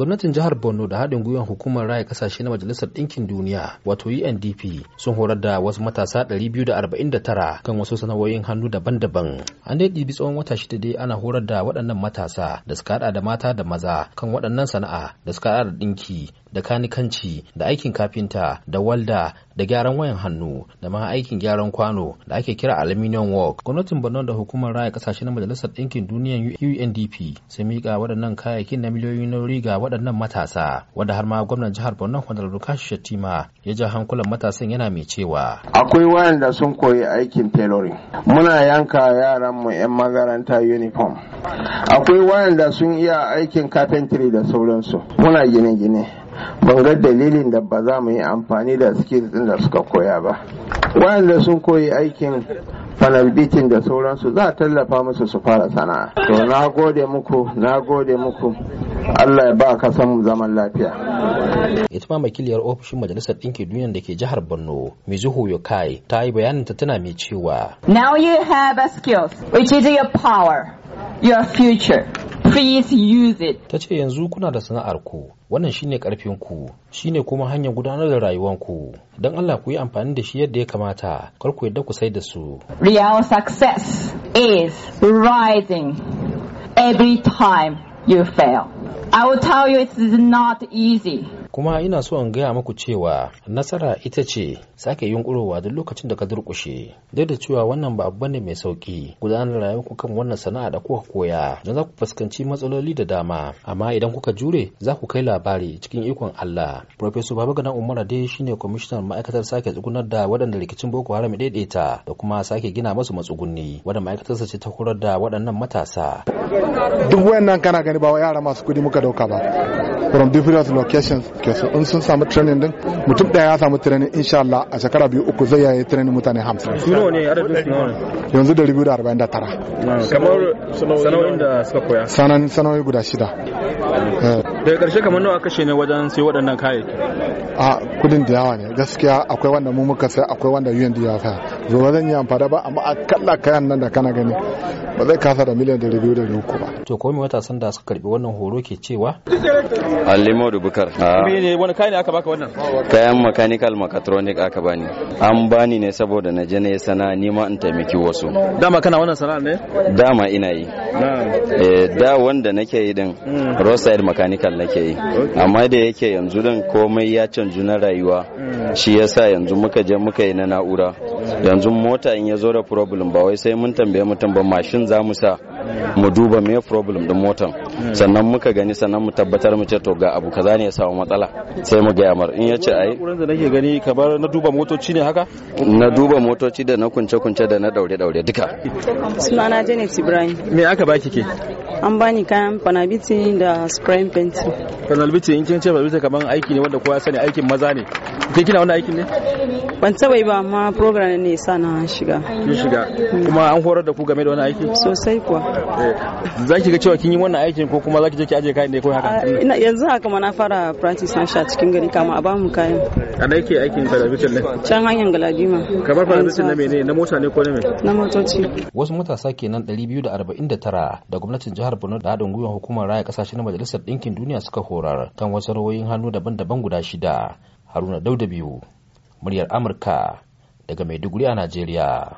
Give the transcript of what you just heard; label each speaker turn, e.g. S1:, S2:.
S1: gwamnatin jihar borno da haɗin gwiwar hukumar raya kasashe na majalisar ɗinkin duniya wato undp e sun horar da wasu matasa 249 kan wasu sana'o'in hannu daban-daban an dai ɗibi tsawon wata shida dai ana horar da waɗannan matasa da suka haɗa da mata da maza kan waɗannan sana'a da suka haɗa da ɗinki da kanikanci da aikin kafinta da walda da gyaran wayan hannu da ma aikin gyaran kwano da ake kira aluminium work gwamnatin borno da hukumar raya kasashe na majalisar ɗinkin duniya undp sun miƙa waɗannan kayayyakin na miliyoyin nauri ga waɗannan matasa wanda har ma gwamnan jihar Borno Honorable Kashi shattima, ya ja hankulan matasan
S2: yana mai cewa akwai wayanda sun koyi aikin tailoring muna yanka yaran mu yan makaranta uniform akwai wayanda sun iya aikin carpentry da sauransu muna gine-gine ban ga dalilin da ba za mu yi amfani da skills din da suka koya ba wayanda sun koyi aikin panel da sauransu za a tallafa musu su fara sana'a to na gode muku na gode muku Allah ya ba
S1: ka samu zaman lafiya. Ita ma makiliyar ofishin Majalisar Dinkin Duniya da ke jihar Borno, Mizuho Yokai, ta yi bayanin ta tana mai cewa.
S2: Now you have a skills, which is your power,
S1: your future.
S2: Please use it.
S1: Ta ce yanzu kuna da sana'ar ku, wannan shine karfin ku, shine kuma hanyar gudanar da rayuwar ku. Don Allah ku yi amfani da shi yadda ya kamata, kar ku yadda ku sai da su.
S2: Real success is rising every time
S1: you fail.
S2: I will tell you it's not easy.
S1: kuma ina so in gaya muku cewa nasara ita ce sake yunkurowa duk lokacin da ka durkushe duk da cewa wannan ba abu ne mai sauki gudanar da rayuwarku kan wannan sana'a da kuka koya don za ku fuskanci matsaloli da dama amma idan kuka jure za ku kai labari cikin ikon Allah Professor Babagana Umar dai shine kwamishinan ma'aikatar sake tsugunar da waɗanda rikicin Boko Haram daidaita da kuma sake gina masu matsugunni wadda sa ce ta horar da waɗannan matasa duk wayannan kana gani ba yara masu kudi muka dauka ba from different locations ke in sun samu training din mutum daya ya samu training insha Allah a shekara biyu uku zai yayi training mutane 50 su nawa ne adadin su yanzu da 249 kamar sana'o'in da suka koya sanan sana'o'i guda shida eh. daga karshe kamar nawa kashe ne wajen sai waɗannan kayayyaki a kudin da yawa ne gaskiya akwai wanda mu muka sai akwai wanda UND ya saya zo zan yi amfani ba amma a kalla kayan nan da kana gani ba zai kasa da miliyan 200 biyu da uku ba to ko mai matasan da suka karbi wannan horo ke cewa
S2: Alimo Bukar ah. ne wani kayan aka baka wannan kayan mechanical mechatronic aka bani an bani ne saboda na je ne sana ni ma in taimaki wasu
S1: dama kana wannan sana ne
S2: dama ina yi eh, da wanda nake yi din hmm. roadside mechanical nake yi amma da yake yanzu din komai ya canju na rayuwa hmm. shi yasa yanzu muka je muka yi na na'ura yanzu mota in ya zo da problem ba wai sai mun tambaye mutum ba mashin za mu sa mu duba me problem din motan sannan muka gani sannan mu tabbatar mu ce to ga abu kaza ne ya samu matsala sai mu gaya mar in ya ce ai da nake gani kamar na duba motoci ne haka na duba motoci da na kunce kunce da na daure daure duka sunana Janet Ibrahim me aka baki ke an bani kayan panabiti da spray painting panabiti in kin ce panabiti kaman aiki ne wanda kowa sani aikin maza ne kin kina wannan aikin ne ban taba yi ba amma program ne sa na shiga kin shiga kuma an horar da ku game da wannan aiki sosai kuwa eh. Zaki ga cewa kin yi wannan aikin ko kuma zaki je ki aje kayan ne ko haka ah, yanzu haka ma na fara practice na sha cikin gari kama a bamu kayan
S1: a da yake aikin panabiti ne
S2: can hanyar galadima kamar panabiti na mene
S1: na mota ne ko ne me na motoci wasu matasa kenan 249 da gwamnatin jihar jihar Borno da haɗin gwiwar hukumar raya ƙasashe na Majalisar Ɗinkin Duniya suka horar kan wasu rawoyin hannu daban-daban guda shida. Haruna Dauda biyu, muryar Amurka daga Maiduguri a Najeriya.